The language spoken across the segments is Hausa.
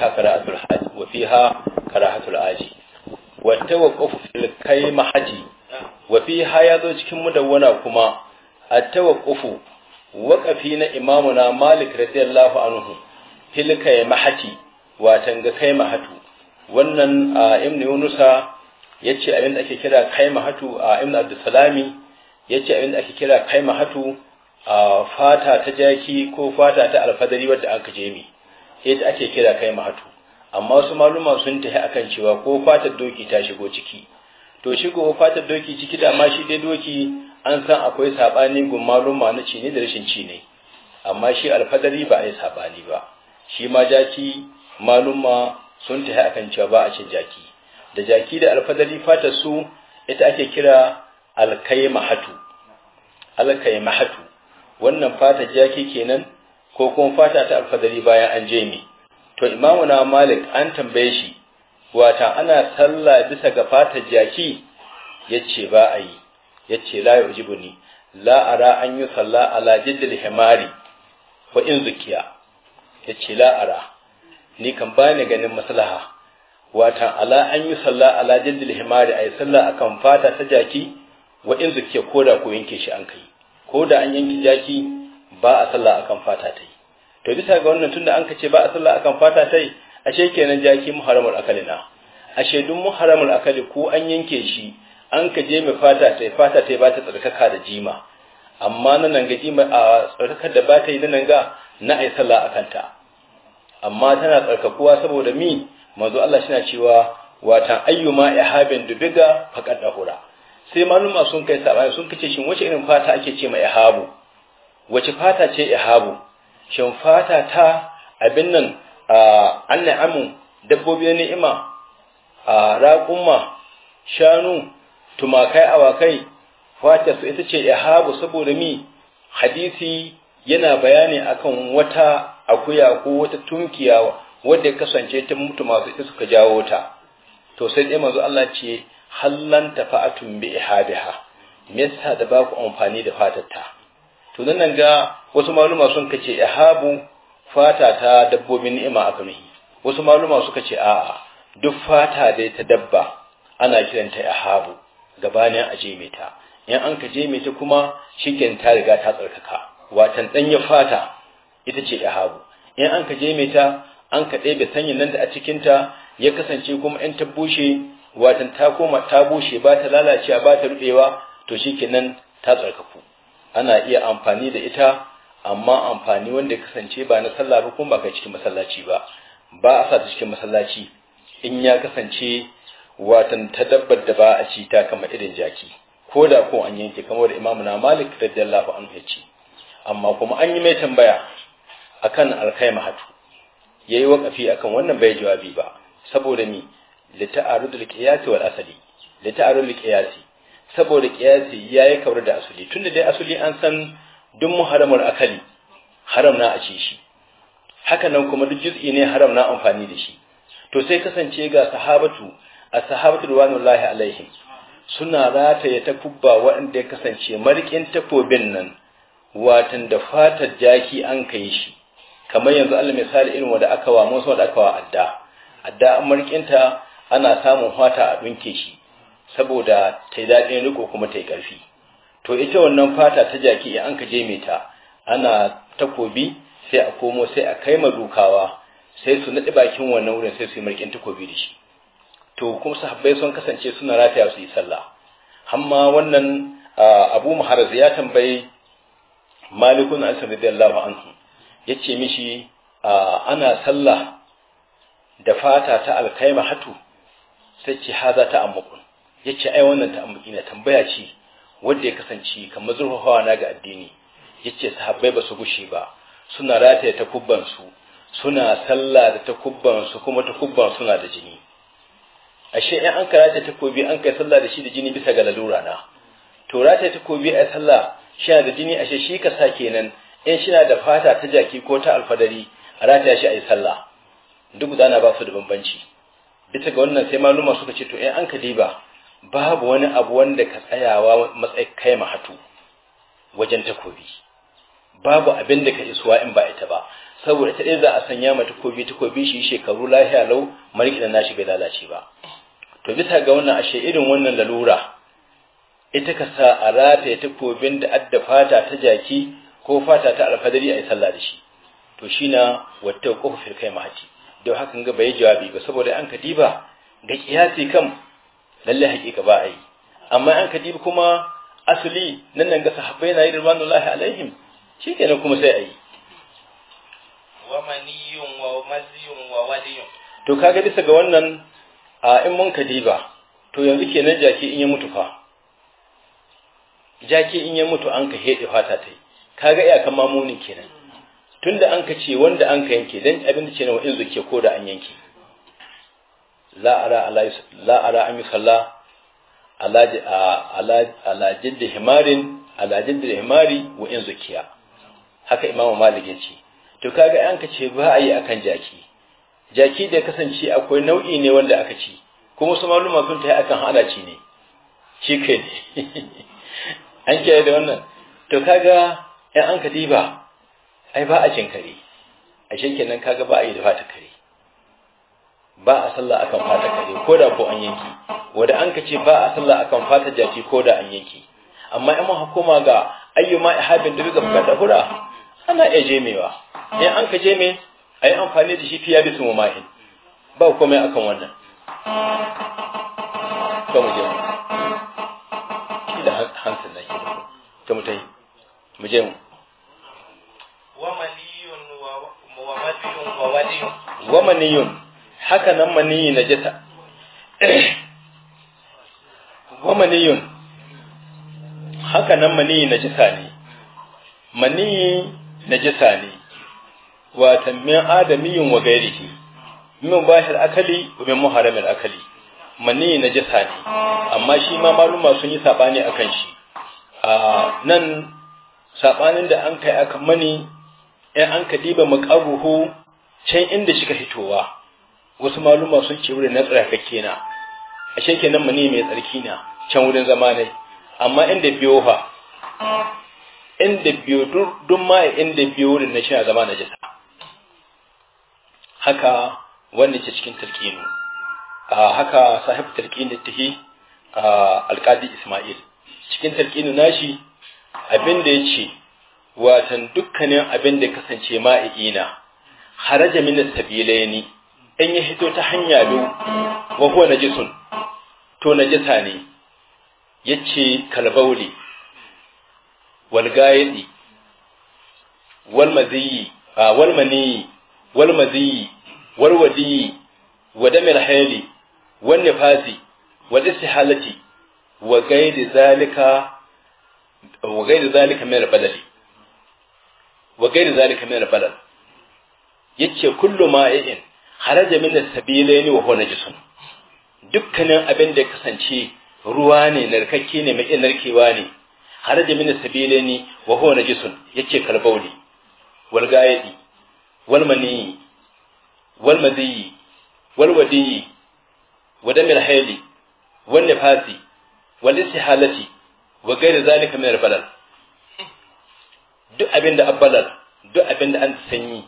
فيها قراءة الحاج وفيها قراءة العاجي والتوقف في الكلمة وفيها يذو cikin mudawwana kuma التوقف وقفي na imamuna Malik radiyallahu anhu fil kaimahati watan ga kaimahatu wannan ibn Yunusa yace abin da ake kira kaimahatu ibn Abdussalami yace abin da ake kira a fata ta jaki ko fata ta alfadari wadda aka jemi ita ake kira kai mahatu amma wasu maluma sun tafi akan cewa ko fatar doki ta shigo ciki to shigo fatar doki ciki da ma shi dai doki an san akwai sabani gun maluma na ci ne da rashin ci ne amma shi alfadari ba a yi sabani ba shi ma jaki maluma sun tafi akan cewa ba a cin jaki da jaki da alfadari fatar su ita ake kira alkaimahatu wannan fata jaki kenan ko kuma fata ta alfadari bayan an je ni, to imamu na malik an tambaye shi wata ana sallah bisa ga fatar jaki yace ba a yi yace la yujibu ni la ara an yi sallah ala jiddil himari wa in zukiya yace la ara ni kan bani ganin maslaha wata ala an yi sallah ala jiddil himari ay sallah akan fata ta jaki wa in zukiya koda ko yanke shi an kai koda an yanke jaki ba a sallah akan fata ta to bisa ga wannan tunda an kace ba a sallah akan fata tai ashe kenan jaki muharramul na. ashe duk muharramul akali ko an yanke shi an ka je mai fata tai fata tai ba ta tsarkaka da jima amma nan ga jima a tsarkakar da ba ta yi nan ga na ai sallah akan ta amma tana tsarkakuwa saboda mi manzo Allah shi na cewa watan ayyuma ihabin dubiga faqad dahura sai maluma sun kai sabai sun kace shin wace irin fata ake ce ma ihabu wace fata ce ihabu shin fata ta abin nan an na'amu dabbobi na ni'ima a raƙumma shanu tumakai awakai fata su ita ce ihabu saboda mi hadisi yana bayani akan wata akuya ko wata tunkiya wadda ya kasance ta mutu masu ita suka jawo ta to sai dai manzo Allah ce hallan fa'atun bi ihabiha me sa da ba ku amfani da fatar ta to nan ga wasu maluma sun kace ihabu fata ta dabbobin ni'ima aka nuhi wasu maluma suka ce a'a duk fata dai ta dabba ana kiranta ihabu gabanin a jeme ta in an ka jeme kuma shikin ta riga ta tsarkaka watan danya fata ita ce ihabu in an ka jeme an ka ɗebe sanyin nan da a cikinta, ya kasance kuma in ta bushe watan ta koma ta bushe ba ta lalacewa ba ta rubewa to nan ta tsarkaku ana iya amfani da ita amma amfani wanda ya kasance ba na sallah ba kuma ba kai cikin masallaci ba ba a sa cikin masallaci in ya kasance watan ta dabbar da ba a ci ta kama irin jaki ko da ko an yanke kamar da imamu na malik radiyallahu anhu ya ce amma kuma an yi mai tambaya akan alkai mahatu yayi wakafi akan wannan bai jawabi ba saboda ni li ta'arudul qiyas wal asali li qiyasi saboda kiyasi ya yi kaura da asuli tun da dai asuli an san duk muharamar akali haram na a ce shi haka nan kuma duk juz'i ne haram na amfani da shi to sai kasance ga sahabatu a sahabatu da lahi alaihim suna rataye ta kubba waɗanda ya kasance marikin takobin nan watan da fatar jaki an kai shi kamar yanzu Allah misali irin wanda aka wa musamman da aka wa adda adda an marikinta ana samun fata a dunke shi saboda ta yi daɗin riko kuma ta yi ƙarfi to ita wannan fata ta jaki in an ka je mai ta ana takobi sai a komo sai a kai ma dukawa sai su naɗi bakin wannan wurin sai su yi marƙin takobi da shi to kuma sahabbai sun kasance suna rataya su yi sallah amma wannan abu muharaz ya tambayi malikun anas radiyallahu anhu ce mishi ana sallah da fata ta alkaima hatu sai ce haza ta ammukun ya ce ai wannan na tambaya ce wanda ya kasance kamar zurfafawa na ga addini ya ce sahabbai ba su gushe ba suna rataye kubbansu, suna sallah da ta kubbansu, kuma ta kubban suna da jini ashe in an karata takobi an kai sallah da shi da jini bisa ga lalura na to rataye takobi a sallah shi da jini ashe shi ka sa kenan in shi na da fata ta jaki ko ta alfadari a rataya shi a yi sallah duk na ba su da bambanci bisa ga wannan sai maluma suka ce to in an ka diba babu wani abu wanda ka tsayawa matsayi kai mahatu wajen takobi babu abin da ka isuwa in ba ita ba saboda ta ɗaya za a sanya ma takobi takobi shi shekaru lafiya lau mariki da nashi bai lalace ba to bisa ga wannan ashe irin wannan lalura ita ka sa a rataye takobin da adda fata ta jaki ko fata ta alfadari a yi sallah da shi to shi na wata kofa kai mahati don hakan ga bai jawabi ba saboda an kadiba ga kiyasi kan lalle hakika ba a yi amma an kadibi kuma asali nan nan ga sahabbai na yi ridwanullahi alaihim shikenan kuma sai a yi wa maniyun wa maziyun wa waliyun to kaga bisa ga wannan a in mun kadiba to yanzu kenan jaki in ya mutu fa jaki in ya mutu an ka hede fata ta yi iya kan mamunin kenan tunda an ka ce wanda an ka yanke dan abin da ce na wa'in zuke ko da an yanke la ara ala la da himarin himari wa in zukiya haka imamu malik ya ce to kaga an ka ce ba a yi akan jaki jaki da kasance akwai nau'i ne wanda aka ci kuma su masu ta yi akan halaci ci ne shi kai ne an kiyaye da wannan to kaga yan an ka diba ai ba a cin kare a shekenan kaga ba a yi da fata kare ba a sallah akan fata kare ko da ko an yanki wanda an ka ce ba a sallah akan fata jaki ko da an yanki amma in mun hukuma ga ayyuma ihabin da biga fata hura ana iya jemewa in an ka jeme a yi amfani da shi fiya su mumahin ba komai akan wannan ba mu je da hansin na ke ta mu ta yi mu je mu wa maliyun wa waliyun wa maliyun haka nan maniyi na jita wa maniyun haka nan maniyi na jita ne maniyi na jita ne watan min adamiyin wa gairihi min bashir akali wa min muharamin akali maniyi na jita ne amma shi ma maluma sun yi sabani akan shi a nan sabanin da an kai aka mani in an ka diba makaruhu can inda shi ka hitowa wasu maluma sun ce wurin na tsarkake na ashe kenan mani mai tsarki na can wurin zama ne amma inda biyo fa inda biyo duk ma inda biyo wurin na shi zama na jisa haka wanda ce cikin talqinu haka sahib talqinu tahi alqadi isma'il cikin talqinu nashi abin da yace watan dukkanin abin da kasance ma'i'ina haraja min as-sabilaini in ya hito ta hanya biyu wa huwa najisun to najisa ne yace kalbauli wal gayidi wal maziyi wal maniyi wal maziyi wal wadiyi wa damil hayli wal nifasi wal wa gaidi zalika wa gaidi min badali wa gaidi zalika min badal yace kullu ma'in haraja min as-sabilaini wa huwa jisun dukkanin abin da ya kasance ruwa ne narkakke ne mai narkewa ne haraja min as-sabilaini wa huwa jisun yace kalbauli wal gaidi wal mani wal madi wal wadi wa damil hayli wal nifasi wal istihalati wa gairi zalika min al-balal duk abin da abbalal duk abin da an sanyi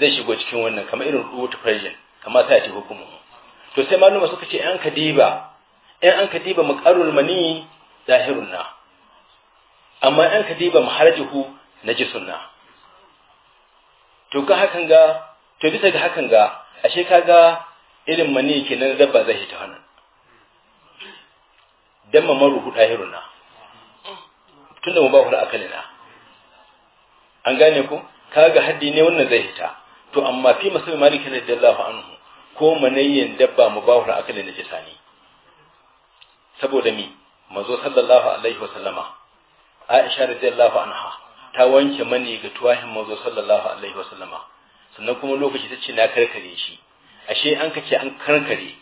zai shigo cikin wannan kamar irin root pressure kamar sai a hukumu to sai malama suka ce an kadiba in an kadiba muqarrul mani zahirun na amma an kadiba maharajuhu najisun na to ka hakan ga to bisa ga hakan ga ashe kaga irin mani kenan dabba zai ta hannu dan ma maru dahirun na tunda mu ba hu akalina an gane ku kaga haddi ne wannan zai hita to amma fi musulmi maliki radiyallahu anhu ko manayyan dabba mubahur akalin najasa ne saboda mi manzo sallallahu alaihi wa sallama Aisha radiyallahu anha ta wanke mani ga tuwahin manzo sallallahu alaihi wa sallama sannan kuma lokaci ta ce na karkare shi ashe an kace an karkare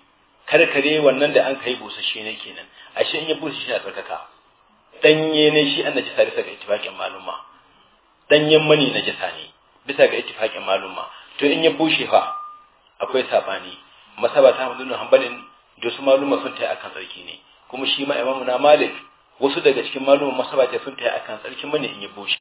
karkare wannan da an kai shi ne kenan ashe in ya busasshe shi a tsarkaka danye ne shi an najisa bisa ga ittifaqin maluma danyen mani najisa ne bisa ga ittifaqin maluma to in ya bushe fa akwai sabani masaba ta Ahmadu Hanbalin da su maluma sun tayi akan sarki ne kuma shi ma imamu na Malik wasu daga cikin maluma masaba ta sun tayi akan sarki mane in ya bushe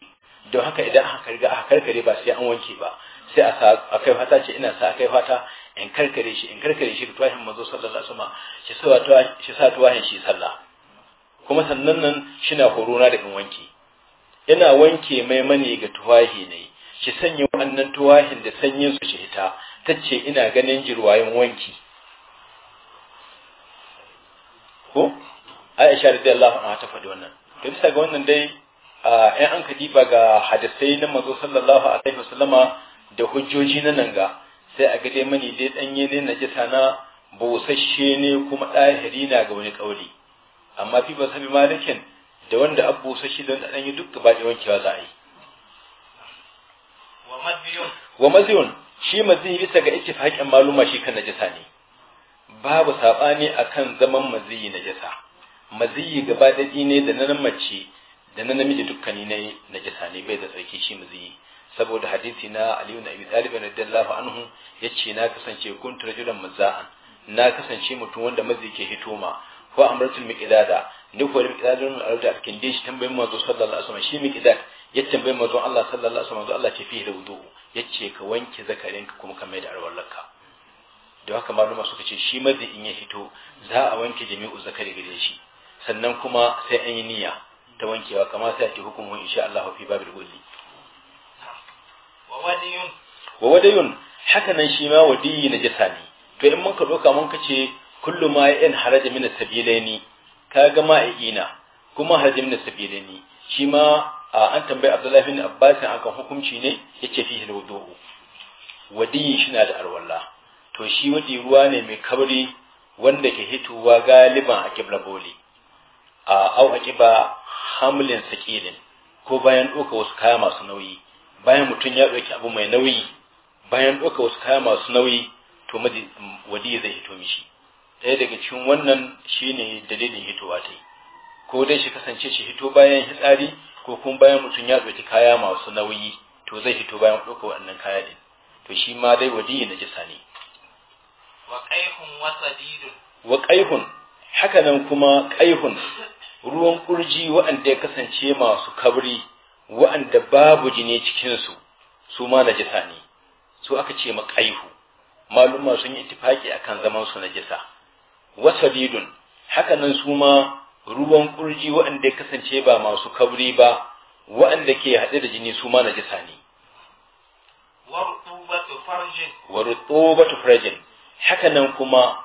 don haka idan aka karga aka karkare ba sai an wanke ba sai a sa akai fata ce ina sa akai fata in karkare shi in karkare shi da tuwahin manzo sallallahu alaihi wasallam shi sa tuwahin shi sa tuwahin shi sallah kuma sannan nan shi na horona da in wanke ina wanke mai mani ga tuwahi ne ki sanya wannan tuwahin da sanyin su hita tace ina ganin jirwayin wanki ko aisha radiyallahu anha ta faɗi wannan to bisa ga wannan dai in an ga hadisai na manzo sallallahu alaihi wasallama da hujjoji na nan ga sai a ga dai mani dai danye ne na jisa na ne kuma ɗahiri na ga wani ƙauli amma fi ba sabi malikin da wanda abu sashi da wanda ɗanye duk gaba da wankewa za a yi wa madiyun shi maziyi bisa ga ittifaqin maluma shi kan najasa ne babu sabani akan zaman maziyi najasa maziyi gaba da ne da na mace da na namiji dukkani ne najasa ne bai da tsarki shi maziyi saboda hadisi na Ali ibn Abi Talib radiyallahu anhu yace na kasance kuntu rajulan maza'a na kasance mutum wanda mazi ke hitoma ko amratul miqdada ni ko miqdadun arda alkin dishi tambayin manzo sallallahu alaihi wasallam shi miqdad ya tambayi manzon Allah sallallahu alaihi wasallam Allah ce fihi da wudu yace ka wanke zakarinka kuma ka mai da arwallarka da haka maluma suka ce shi mazi in ya hito za a wanke jami'u zakari gare shi sannan kuma sai an yi niyya ta wankewa kama sai ake hukumu insha Allah fi babil gulli wa wa haka nan shi ma wadiyi na jasa ne to in mun ka doka mun kace kullu ma ya'in haraja min ka ga kaga ma'ina kuma haraja min sabilaini shi ma an tambayi Abdullahi bin Abbas akan hukunci ne yace fihi alwudu wadi shi na da alwala to shi wadi ruwa ne mai kabari wanda ke hitowa galiban a kibla a au akiba hamlin sakilin ko bayan ɗauka wasu kaya masu nauyi bayan mutum ya ɗauki abu mai nauyi bayan ɗauka wasu kaya masu nauyi to wadi zai hito mishi ɗaya daga cikin wannan shine dalilin hitowa ta yi ko dai shi kasance shi hito bayan hitsari ko kuma bayan mutum ya ɗauki kaya masu nauyi to zai hito bayan ɗauka waɗannan kaya din. to shi ma dai wadiyi na jisa ne wa ƙaihun haka nan kuma ƙaihun ruwan ƙurji waɗanda ya kasance masu kabri waɗanda babu jini cikinsu su ma na jisa ne su aka ce ma ƙaihu maluma sun yi itifaki akan zaman su na jisa wasadidun haka nan su ma ruwan kurji waɗanda ya kasance ba masu kauri ba waɗanda ke haɗe da jini su ma najisa ne wa rutubatu farjin hakanan kuma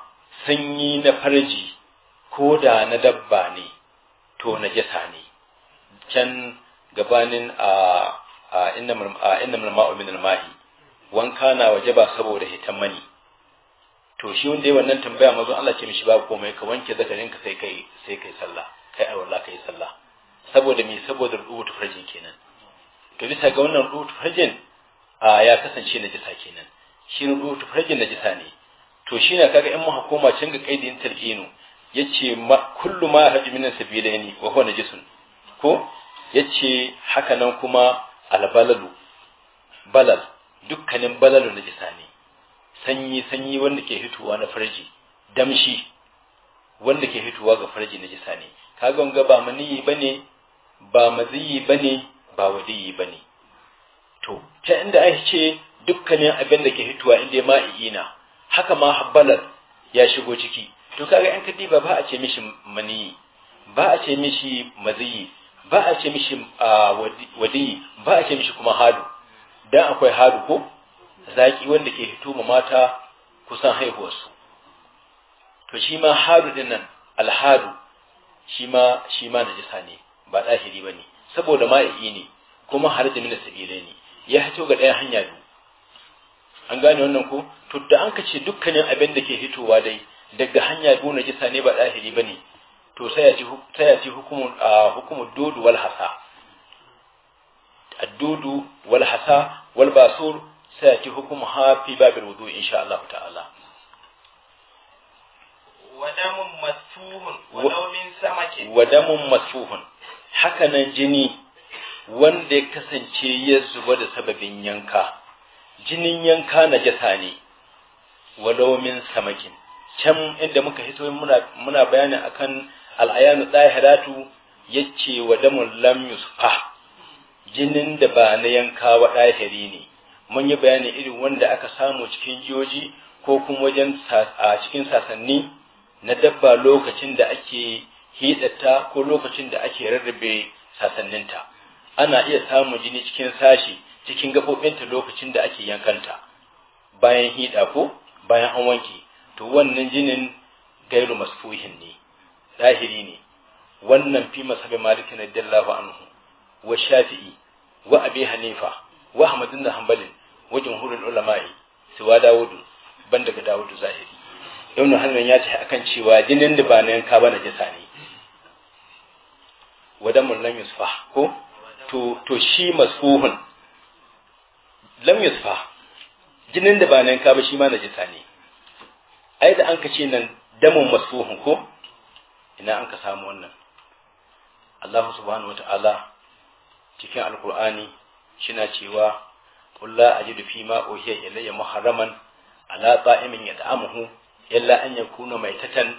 sanyi na farji ko da na dabba ne to najisa ne can gabanin a inna ma'u min mahi wanka na waje ba saboda hitan mani to shi wanda ya wannan tambaya mazo Allah ce mishi ba komai ka wanke zakarin ka sai kai sai kai sallah kai ai wallahi kai sallah saboda me saboda rubutu farjin kenan to bisa ga wannan rubutu farjin a ya kasance na jisa kenan shi rubutu farjin jisa ne to shi na kaga in mu hukuma can ga kaidin talqinu yace kullu ma hajji min sabilaini wa huwa najisun ko yace haka nan kuma albalalu balal dukkanin balalu na jisa ne sanyi sanyi wanda ke hitowa na farji damshi wanda ke hituwa ga farji na jisa ne kaga wanga ba maniyi bane ba maziyi bane ba wadiyi bane to ta inda ai ce dukkanin abin da ke hituwa inda ma'i ina haka ma habbalar ya shigo ciki to kaga in kadiba ba a ce mishi maniyi ba a ce mishi maziyi ba a ce mishi ah, wadiyi ba a ce mishi kuma hadu dan akwai hadu ko zaki wanda ke hito ma mata kusan haihuwarsu to shi ma haru din nan alharu shi ma shi ma najisa ne ba ɗahiri ba ne saboda ma'i ne kuma har da sabilai ne ya hito ga ɗaya hanya biyu an gane wannan ko to da an kace dukkanin abin da ke hitowa dai daga hanya biyu najisa ne ba ɗahiri ba ne to sai ya ci hukumu dodu wal hasa addudu wal hasa wal basur sayati hukum hafi fi babil wudu insha Allah ta'ala wadamun masuhun haka nan hakanan jini wanda ya kasance ya zuba da sababin yanka jinin yanka na jasa ne walomin samakin can inda muka hito muna, muna bayanin akan al'ayanu ɗahiratu ya ce wa damun lam jinin da ba na yanka wa ɗahiri ne mun yi bayani irin wanda aka samu cikin jiyoji ko kuma wajen a cikin sasanni na dabba lokacin da ake hidatta ko lokacin da ake rarrabe sasanninta ana iya samun jini cikin sashi cikin gaɓoɓinta lokacin da ake yankanta bayan hida ko bayan an wanke to wannan jinin gairu masfuhin ne zahiri ne wannan fi masabi malikin radiyallahu anhu wa shafi'i wa abi hanifa wa ahmad da hanbalin wa jumhurul ulama'i siwa dawudu ban daga dawudu zahiri ibn hazmin ya ce akan cewa jinin da ba na yanka ba jisa ne wadan mun lam yusfa ko to to shi masfuhun lam yusfa jinin da ba na yanka ba shi ma na jisa ne ai da an ka nan damun masfuhun ko ina an ka samu wannan Allah subhanahu wata'ala cikin alkur'ani shina cewa قل لا أجد فيما أوحي إلي محرما على طائم يدعمه إلا أن يكون ميتة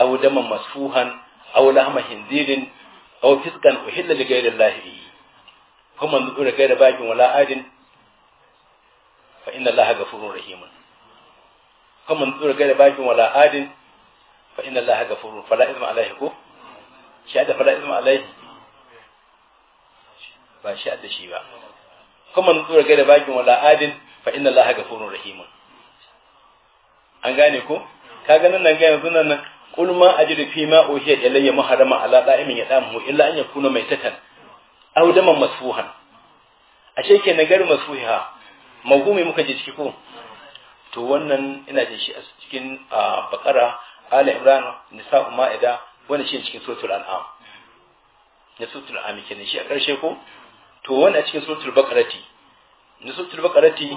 أو دما مسفوها أو لحم خنزير أو فسقا أحل لغير الله به فمن ذكر غير باج ولا آد فإن الله غفور رحيم فمن ذكر غير باج ولا آد فإن الله غفور فلا إثم عليه كو شهد فلا إثم عليه ba shi da shi ba kuma na tsura gaida bakin wala adin fa inna allaha ghafurur rahim an gane ko Ka nan nan ga yanzu nan kul ma ajri fi ma uhiya ilayya muharrama ala da'imin yadamu illa an yakuna maitatan aw daman masfuhan ashe ke nagar masfuha mawhumi muka ji ciki ko to wannan ina jin shi a cikin bakara ala imran nisa'u ma'ida wannan shi cikin suratul an'am na suratul an'am kenan shi a karshe ko to wannan a cikin suratul baqarati ni su tilba karati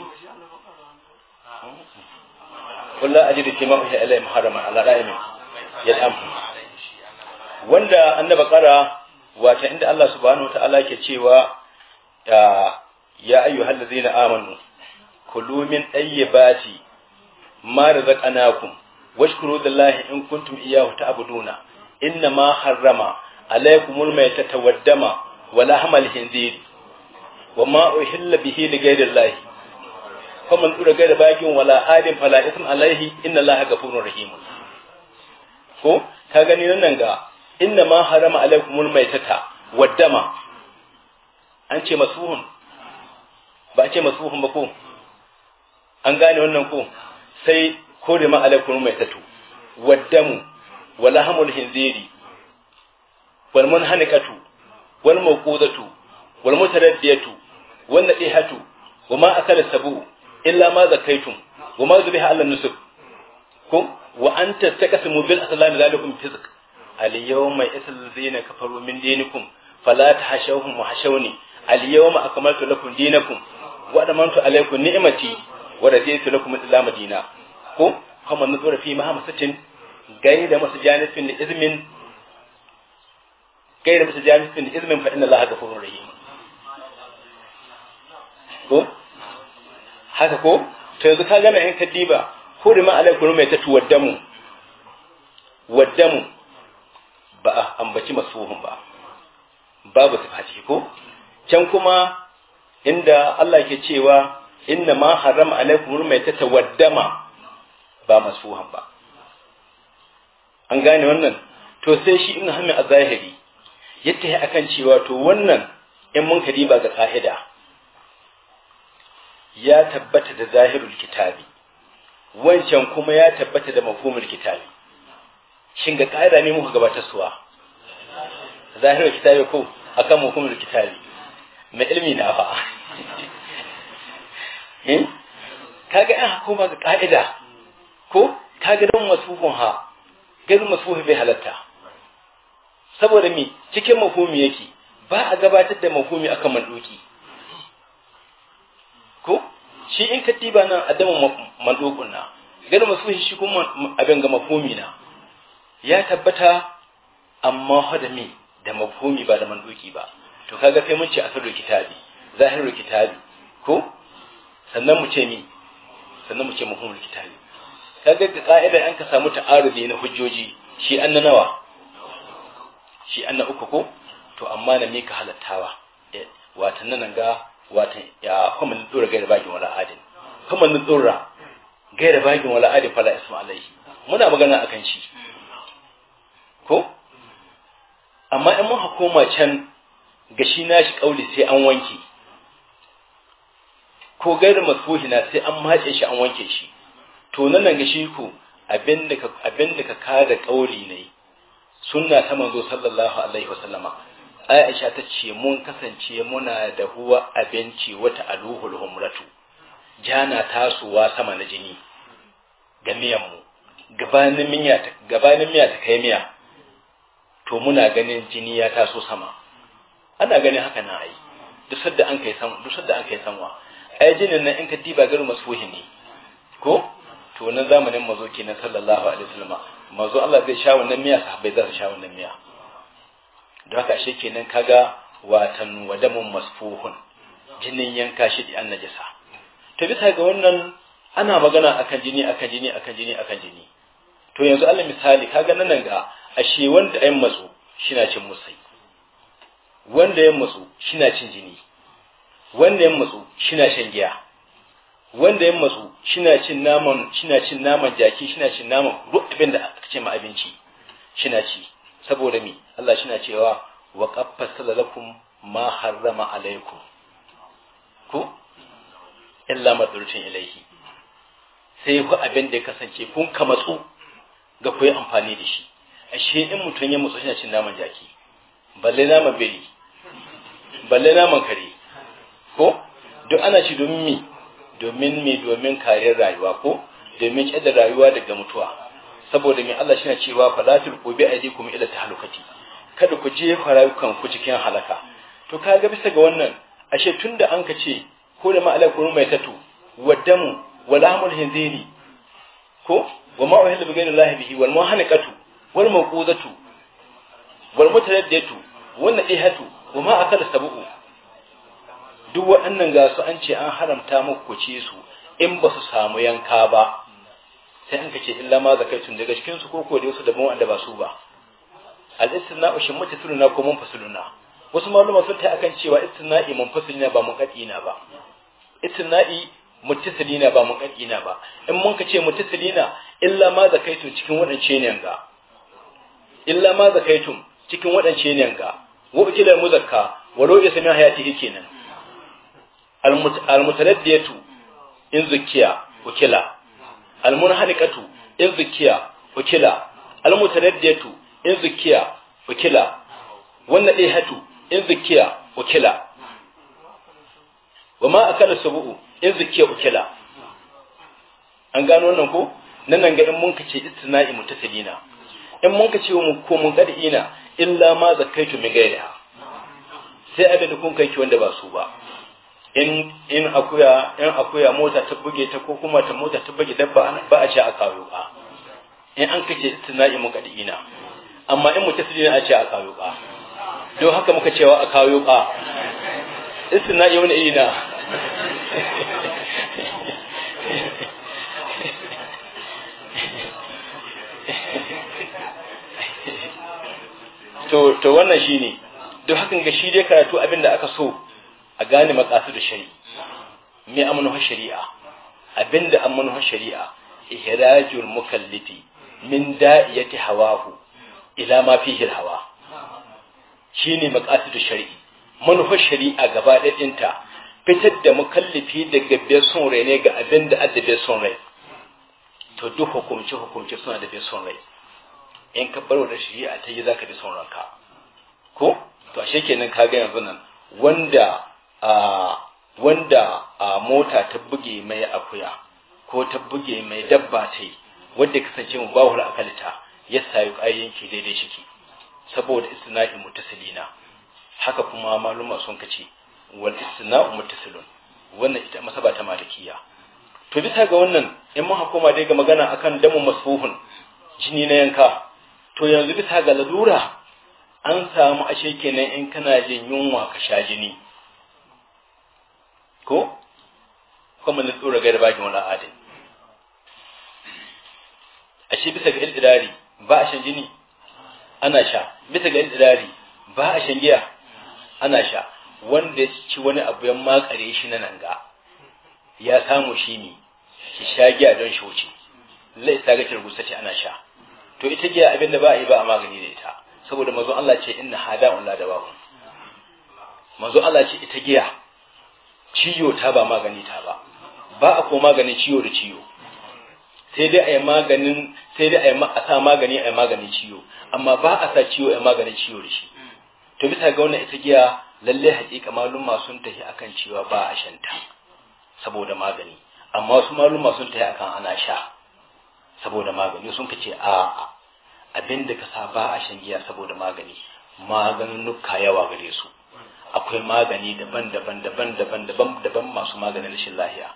kullum aji da kima uhiya ilai muharrama ala ra'imin yal'am wanda annaba kara wata inda Allah subhanahu wata'ala yake cewa ya ayyuhal ladzina amanu kulu min tayyibati ma razaqnakum washkuru lillahi in kuntum iyyahu ta'buduna ta, ma harrama alaykumul maytata wad dama wa lahmal khinzir wa ma uhilla bihi li ghayrillahi faman tura ghayra bakin wala adin fala ism alaihi inna allaha ghafurur rahim ko ka gani nan ga inna ma harama alaikumul maitata waddama an ce masuhun ba a ce masuhun ba ko an gane wannan ko sai kore ma alaikumul maitatu waddamu wala hamul hinziri wal munhanikatu wal mawqudatu wal mutaraddiyatu wannan ihatu wa ma akala sabu illa ma zakaitum wa ma zubiha ala nusub ko wa anta takasimu bil aslami zalikum fisq al yawma yaslzina kafaru min dinikum fala tahshawhum wahshawni al yawma akmaltu lakum dinakum wa adamantu alaykum ni'mati wa raditu lakum al-islam dina ko kuma nuzura fi mahamasatin gaida masu janifin da izmin gaida masu janifin da izmin fa inna allaha ghafurur rahim ko haka ko to yanzu ka gane in ka diba ma alaikum mai tatu waddamu waddamu ba a ambaci masuhun ba babu su ciki ko can kuma inda Allah ke cewa inna ma harama alaikum mai tata waddama ba masuhan ba an gane wannan to sai shi ina hamin a zahiri yadda ya akan cewa to wannan in mun kadi ba ga ka'ida ya tabbata da zahirul kitabi wancan kuma ya tabbata da mafhumul kitabi shin ga ka'ida ne muka gabatar suwa zahirul kitabi ko akan mafhumul kitabi mai ilmi na fa eh? kaga in hukuma ga ka'ida ko kaga dan masuhun ha gairu masuhun bai halatta saboda mi cikin mafhumi yake ba a gabatar da mafhumi akan manduki ko shi in ka tiba nan dama mandokun na gani masu shi kuma abin ga mafumi na ya tabbata amma hadami da mafumi ba da mandoki ba to kaga sai mun ce asirul kitabi zahirul kitabi ko sannan mu ce mi sannan mu ce mafhumul kitabi kaga ga ka'ida an ka samu ta'arudi na hujjoji shi an na nawa shi an na uku ko to amma na me ka halattawa eh, watan nan ga watan ya kuma ni tsora gaira bagin wala adin kuma ni tsora gaira bagin wala adin fala isma alaihi muna magana akan shi ko amma in mun hukuma can ga shi nashi kauli sai an wanke ko gaira masfuhi na sai an matse shi an wanke shi to nan ga shi ko abinda ka abinda ka kada kauli ne sunna ta manzo sallallahu alaihi wasallama aisha ta ce mun kasance muna da huwa abinci wata aluhul humratu jana tasowa sama na jini ga miyanmu gabanin miya ta kai miya to muna ganin jini ya taso sama ana ganin haka na ai duk sadda an kai sama duk an kai sama ai jinin nan in ka diba garin masfuhi ne ko to na zamanin mazo kenan sallallahu alaihi wasallam mazo Allah zai sha wannan miya sahabbai za su sha wannan miya don haka shi kenan kaga watan wadamun masfuhun jinin yanka shi di najasa to bisa ga wannan ana magana akan jini akan jini akan jini akan jini to yanzu Allah misali kaga nan ga ashe wanda ayin matsu shina cin musai wanda ya matsu shina cin jini wanda ya matsu shina shan giya wanda ya matsu shina cin naman shina cin naman jaki shina cin naman duk abin da aka ce ma abinci shina ci saboda mi Allah shi na cewa wa da lakum ma harrama alaikum ku illa madurtin ilaihi sai ku abin da ya kasance kun ka matsu ga ku yi amfani da shi ashe in mutum ya matsu shi na cin naman jaki balle naman biri balle naman kare ko duk ana ci domin mi domin mi domin kariyar rayuwa ko domin da rayuwa daga mutuwa saboda mai Allah shine cewa falatul qubi aidikum ila tahlukati kada ku je farayukan ku cikin halaka to kaga bisa ga wannan ashe tunda an ka ce ko da ma alaikum mai tatu wadamu walamul hinzini ko wa ma uhillu bi ghayri llahi bihi wal zatu, wal mawqudatu wal mutaraddatu wan nadihatu wa ma akala sabu'u duk waɗannan ga su an ce an haramta muku ci su in ba su samu yanka ba sai an kace illa ma zakaitum daga cikin su ko ko da wasu daban wanda ba su ba al-istina'u shimmatu sunna ko mun fasuluna wasu maluma sun ta akan cewa istina'i mun fasulina ba mun kadina ba istina'i mutasilina ba mun kadina ba in mun kace mutasilina illa ma zakaitum cikin wadance ne ga illa ma zakaitum cikin wadance ne ga wa ukila muzakka wa ro'i sami hayati kenan al-mutaraddiyatu in zukiya ukila almunhanikatu in zukiya ukila almutanaddiyatu in zukiya ukila wannan ɗihatu in zukiya ukila wama akala subu in zukiya ukila an gano wannan ko nan nan ga in mun kace istina'i mutasalina in mun kace mu ko mun ina illa ma zakaitu min gairiha sai abin da kun kai wanda ba su ba in in akuya in akuya mota ta buge ta ko kuma ta mota ta buge dabba ba a ce a kawo ba in an kace tuna'i muka ina, amma in mutasili a ce a kawo ba don haka muka cewa a kawo in tunai mu ina to to wannan shine don haka ga shi dai karatu abinda aka so a gane maqasid shar'i me amanu shari'a abinda amanu shari'a ihrajul mukallifi min da'iyati hawahu ila ma fihi hawa shine maqasid shari'i manufar shari'a gaba ɗayanta fitar da mukallifi daga bai son rai ne ga abin da adda bai son rai to duk hukumce hukumce suna da bai son rai in ka bar wa shari'a ta yi zaka bi son ranka ko to ashe kenan ka ga yanzu nan wanda wanda a mota ta buge mai akuya ko ta buge mai dabba yi, wanda kasance mu ba akalta ya sayu ayyanki daidai shiki saboda istina'i mutasilina haka kuma maluma sun kace wal istina'u mutasilun wannan ita masaba ta malikiya to bisa ga wannan in mun hakoma dai ga magana akan damu masfuhun jini na yanka to yanzu bisa ga ladura an samu ashe kenan in kana jin yunwa ka sha jini ko kuma na tsura da bakin wani adin a shi bisa ga ildirari ba a shan jini ana sha bisa ga ildirari ba a shan giya ana sha wanda ya ci wani abu ya makare shi na nanga, ya samu shi ne ki sha giya don shi wuce Lai ga kirgusa ce ana sha to ita giya abinda ba a yi ba a magani da ita saboda manzo Allah ce inna hada un da babu manzo Allah ce ita giya Ciyo ta ba magani ta ba ba a ko maganin ciyo da ciyo, sai dai a yi maganin sai dai a sa magani a yi maganin ciyo, amma ba a sa ciyo a yi maganin ciyo da shi to bisa ga wannan ita giya lalle haƙiƙa maluma sun tafi akan cewa ba a shanta saboda magani amma wasu maluma sun tafi akan ana sha saboda magani sun ka ce a abin da ka sa ba a shan giya saboda magani maganin nuka yawa gare su akwai magani daban-daban daban-daban daban-daban masu maganin rashin lahiya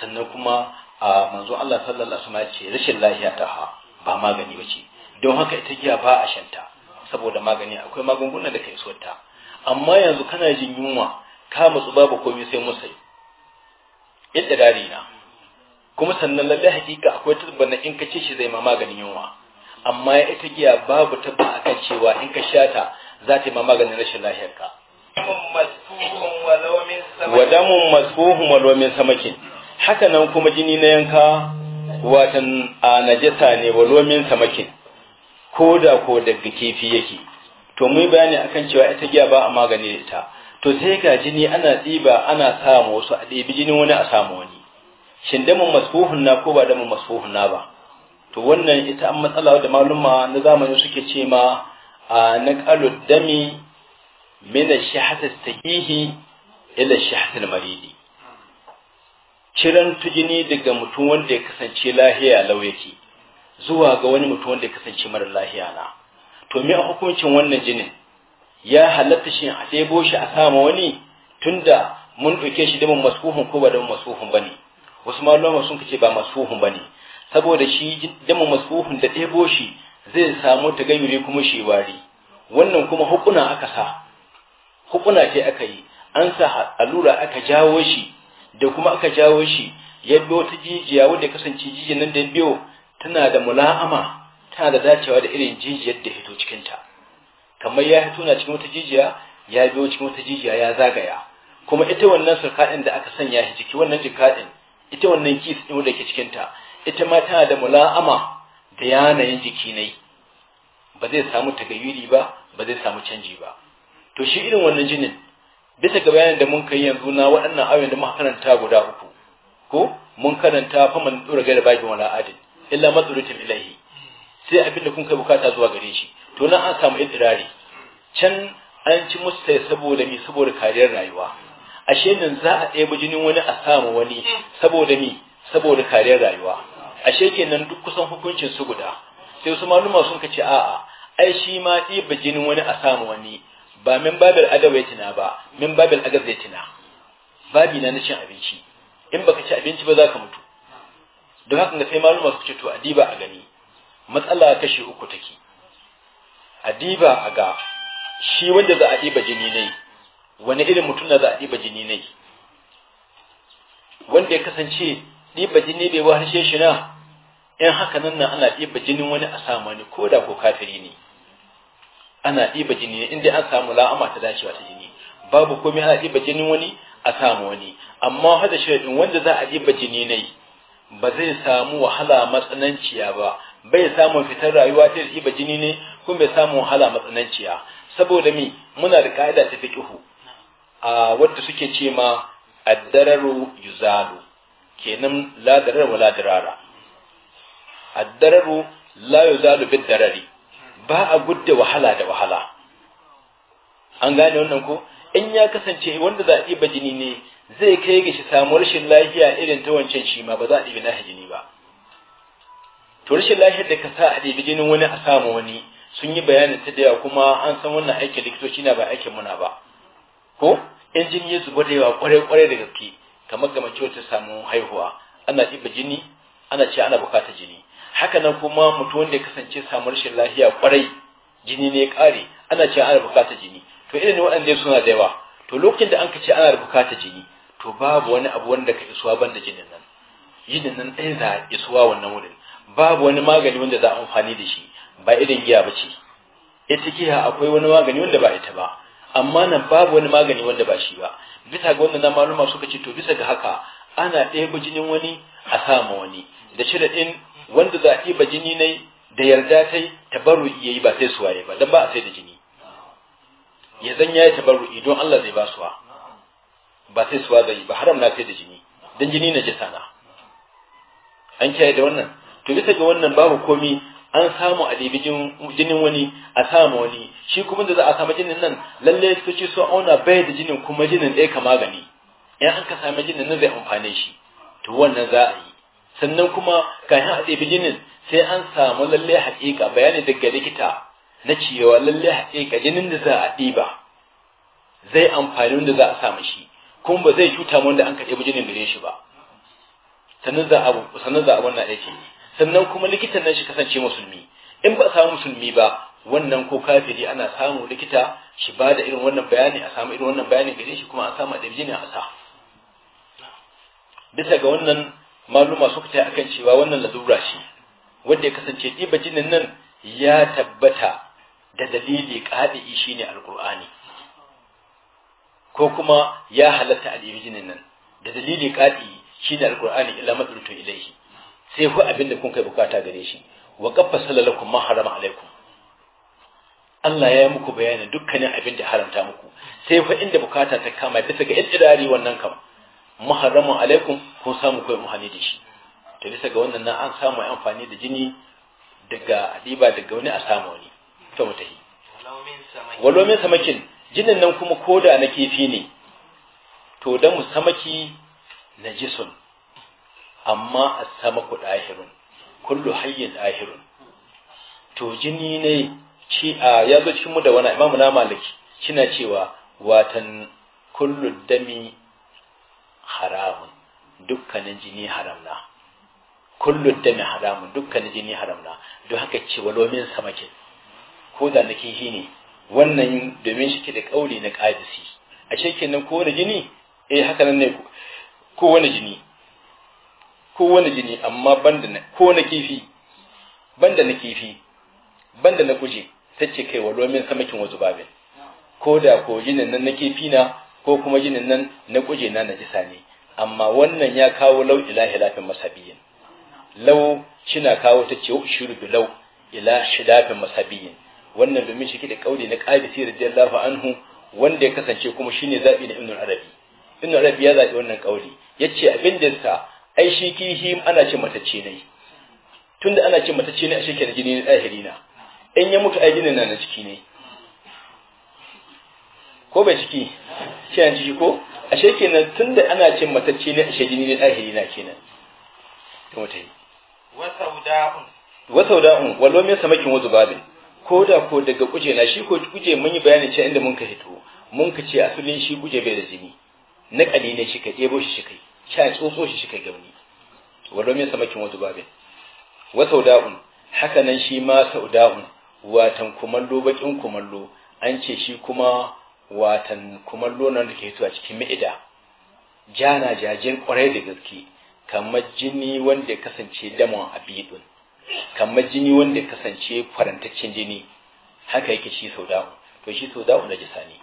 sannan kuma a manzo Allah sallallahu alaihi wasallam ce rashin lahiya ta ha ba magani bace don haka ita giya ba a shanta saboda magani akwai magunguna da kai suwarta amma yanzu kana jin yunwa ka matsu babu komai sai musai yadda dare na kuma sannan lallai hakika akwai tabbar na in ka ce shi zai ma maganin yunwa amma ita giya babu tabba akan cewa in ka sha ta za ta yi ma maganin rashin ka wa damun walomin samakin haka nan kuma jini na yanka watan a najasa ne walomin samakin ko da ko daga kifi yake to mun bayani akan cewa ita giya ba a magani da ita to sai ga jini ana tsiba ana samu wasu a ɗebi jini wani a samu wani shin damun masfuhun na ko ba damun masfuhun na ba to wannan ita an matsala da maluma na zamani suke ce ma a naƙalu dami min ash-shahs as-sahihi ila ash-shahs al-maridi kiran tujini daga mutum wanda ya kasance lahiya lau zuwa ga wani mutum wanda ya kasance mara lahiya na to me hukuncin wannan jinin ya halatta shi a ɗebo shi a sama wani tunda mun ɗauke shi damin masuhun ko ba damin masuhun ba ne wasu malama sun kace ba masuhun ba ne saboda shi damin masuhun da ɗebo shi zai samu tagayyuri kuma shi wari wannan kuma hukuna aka sa hukuna ce aka yi an sa allura aka jawo shi da kuma aka jawo shi ya biyo wata jijiya wanda ya kasance jijiyar nan da biyo tana da mula'ama tana da dacewa da irin jijiyar da hito cikinta kamar ya hito na cikin wata jijiya ya biyo cikin wata jijiya ya zagaya kuma ita wannan surkaɗin da aka sanya shi jiki, wannan jikaɗin ita wannan kis ɗin wanda ke cikinta ita ma tana da mula'ama da yanayin jiki ne ba zai samu tagayyuri ba ba zai samu canji ba to shi irin wannan jinin bisa ga bayanin da mun kai yanzu na waɗannan ayoyin da muka karanta guda uku ko mun karanta man dura ga bakin wala adin illa matsuritin ilahi sai abin da kun kai bukata zuwa gare shi to nan an samu idrari can an ci musu saboda mi saboda kariyar rayuwa ashe nan za a ɗebi jinin wani a samu wani saboda mi saboda kariyar rayuwa ashe kenan duk kusan hukuncin su guda sai wasu maluma sun kace a'a ai shi ma ɗiba jinin wani a samu wani ba min babil ya ba min babil ya babi na na cin abinci in baka ci abinci ba za ka mutu don haka ga sai maluma su ce to adiba a gani matsala kashi uku take adiba a ga shi wanda za a ɗiba jini ne wani irin mutum na za a ɗiba jini ne wanda ya kasance diba jini bai wahalshe shi na in haka nan na ana ɗiba jinin wani a samani ko da ko kafiri ne ana ɗiba jini inda an samu la'ama ta dacewa ta jini babu komai ana ɗiba jinin wani a samu wani amma hada din wanda za a ɗiba jini ne ba zai samu wahala matsananciya ba bai samun fitar rayuwa ta ɗiba jini ne kuma bai samu wahala matsananciya saboda mi muna da ka'ida ta fiqihu a wanda suke ce ma addararu yuzalu kenan la wa darara addararu la yuzalu bid darari ba a gudda wahala da wahala an gane wannan ko in ya kasance wanda za a ɗiba jini ne zai kai ga shi samu rashin lafiya irin ta wancan shi ma ba za a ɗibi na jini ba to rashin lafiyar da ka sa a ɗibi jinin wani a samu wani sun yi bayanin ta da yawa kuma an san wannan aikin likitoci na ba aikin muna ba ko in jini ya zuba da yawa kwarai kwarai da gaske kamar ga mace ta samu haihuwa ana ɗiba jini ana ce ana bukatar jini haka nan kuma mutum wanda ya kasance samu rashin lafiya kwarai jini ne ya kare ana cewa ana bukata jini to irin ne waɗanda suna da yawa to lokacin da an ka ce ana bukata jini to babu wani abu wanda ka isuwa banda jinin nan jinin nan ɗaya za isuwa wannan wurin babu wani magani wanda za a amfani da shi ba irin giya ba ce ita giya akwai wani magani wanda ba ita ba amma nan babu wani magani wanda ba shi ba bisa ga wannan maluma suka ce to bisa ga haka ana ɗaya jinin wani a sama wani da shi da ɗin wanda za a ɗiba jini ne da yarda ta tabarru'i yayi ba sai su waye ba dan ba a sai da jini ya zan yayi tabarru'i don Allah zai ba suwa ba sai suwa zai ba haram na sai da jini dan jini na jisa na an kiyaye da wannan to bisa ga wannan babu komi an samu a ɗibi jinin wani a samu wani shi kuma da za a samu jinin nan lalle su ci su auna bai da jinin kuma jinin ɗaya ka magani in an ka sami jinin nan zai amfane shi to wannan za a yi sannan kuma kafin a ɗebi jinin sai an samu lalle haƙiƙa bayani daga likita na cewa lalle haƙiƙa jinin da za a ɗiba zai amfani wanda za a sa shi kuma ba zai cuta wanda an ka ɗebi jinin gare shi ba sannan za a sannan za a wannan aiki sannan kuma likitan nan shi kasance musulmi in ba samu musulmi ba wannan ko kafiri ana samu likita shi ba da irin wannan bayani a samu irin wannan bayani gare shi kuma an samu a ɗebi jinin a sa bisa ga wannan maluma suka ta akan cewa wannan lalura ce wanda ya kasance ɗiba jinin nan ya tabbata da dalili ƙadi'i shine alƙur'ani ko kuma ya halatta a ɗibi jinin nan da dalili ƙadi'i shine alƙur'ani illa matsurtu ilaihi sai ku abin da kun kai bukata gare shi wa qaffa sallalakum ma harama alaikum Allah ya yi muku bayanin dukkanin abin da haramta muku sai fa inda bukata ta kama bisa ga idirari wannan kama muharramun alaikum ko samu kai muhani da shi to bisa ga wannan nan an samu amfani da jini daga riba daga wani a samu wani to mutahi walau min samakin jinin nan kuma koda na kifi ne to da mu samaki jisun amma sama samaku dahirun kullu hayyin dahirun to jini ne ci a ya zo cikin mu da wani imamu na maliki kina cewa watan kullu dami haramun dukkanin jini haram na kullum da mai haramun dukkanin jini haram na don haka ce walomin samakin ko da na kihi ne wannan domin shi ke da kauli na kadisi a shekin ko wani jini eh haka nan ne ko wani jini ko wani jini amma banda na ko na kifi banda na kifi banda na kuje ta ce kai walomin samakin wasu babin ko da ko jinin nan na kifi na ko kuma jinin nan na kuje na najisa ne amma wannan ya kawo lau ila hilafin masabiyin lau kina kawo ta ce shiru bi lau ila hilafin masabiyin wannan domin shi da kauli na qadisi radiyallahu anhu wanda ya kasance kuma shine zabi na ibn arabi ibn arabi ya zabi wannan kauli yace abin da sa ai shi kihi ana ce mata ce ne tunda ana ce mata ce ne a shekarar jini na zahiri in ya mutu ai jinin na ciki ne ko bai ciki shi an ciki ko ashe kenan tunda ana cin matacce ne ashe jini ne ɗahiri na kenan to mutai wasauda'un wasauda'un wallo min samakin wazu babin ko da ko daga kuje na shi ko kuje mun yi bayani cewa inda mun ka hito mun ka ce asalin shi kuje bai da jini na kali ne shi ka ɗebo shi shi kai cha tsotso shi shi kai gauni wallo min samakin wazu babin wasauda'un haka nan shi ma sauda'un watan kumallo bakin kumallo an ce shi kuma watan kuma lonan da ke hito cikin ma'ida jana jajen kwarai da gaske kamar jini wanda ya kasance damon abidun kamar jini wanda ya kasance farantaccen jini haka yake shi sau da'u to shi sau da'u na jisa ne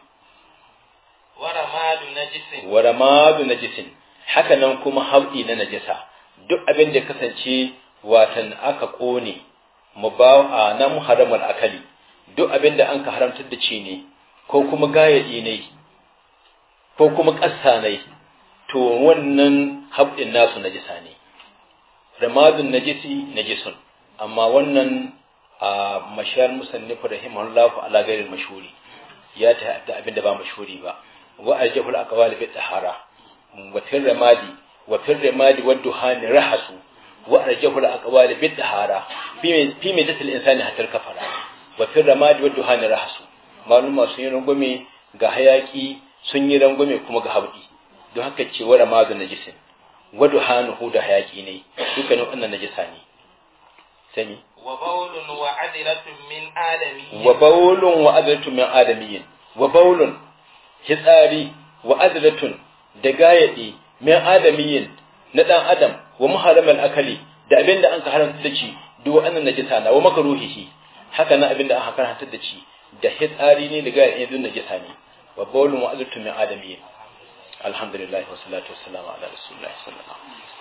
madu na jisin haka nan kuma haudi na najisa duk abin da kasance watan aka kone mu ba a nan haramar akali duk abin da an ka haramtar da ci ne ko kuma gayaɗi ne ko kuma ƙasa ne to wannan haɓɗin nasu najisa ne ramadun najisi najisun amma wannan a mashayar musannifu rahimahullahu ala gairin mashuri ya ta da abin da ba mashuri ba wa ajahul aqwal bi tahara wa fil ramadi wa fil ramadi wa duhan rahasu wa ajahul aqwal bi tahara fi fi tattalin insani hatta kafara wa fil ramadi wa duhan rahasu maluma sun yi rangwame ga hayaki sun yi rangwame kuma ga habdi don haka ce wara ma da najisin wadu hanuhu da hayaki ne dukkanin wannan najisa ne sani wa baulun wa adiratun min adamiyin wa baulun wa baulun hitsari wa adiratun da gayadi min adamiyin na ɗan adam wa muharramal akali da abinda an ka haramta da ci duk wannan najisa na wa makaruhihi haka na abinda an haramta da ci da hitsari ne daga yin hidun na gisa ne babba wani mu'azirtu min adami alhamdulillah wa salatu wa ala rasulullahi sallallahu alaihi wasallam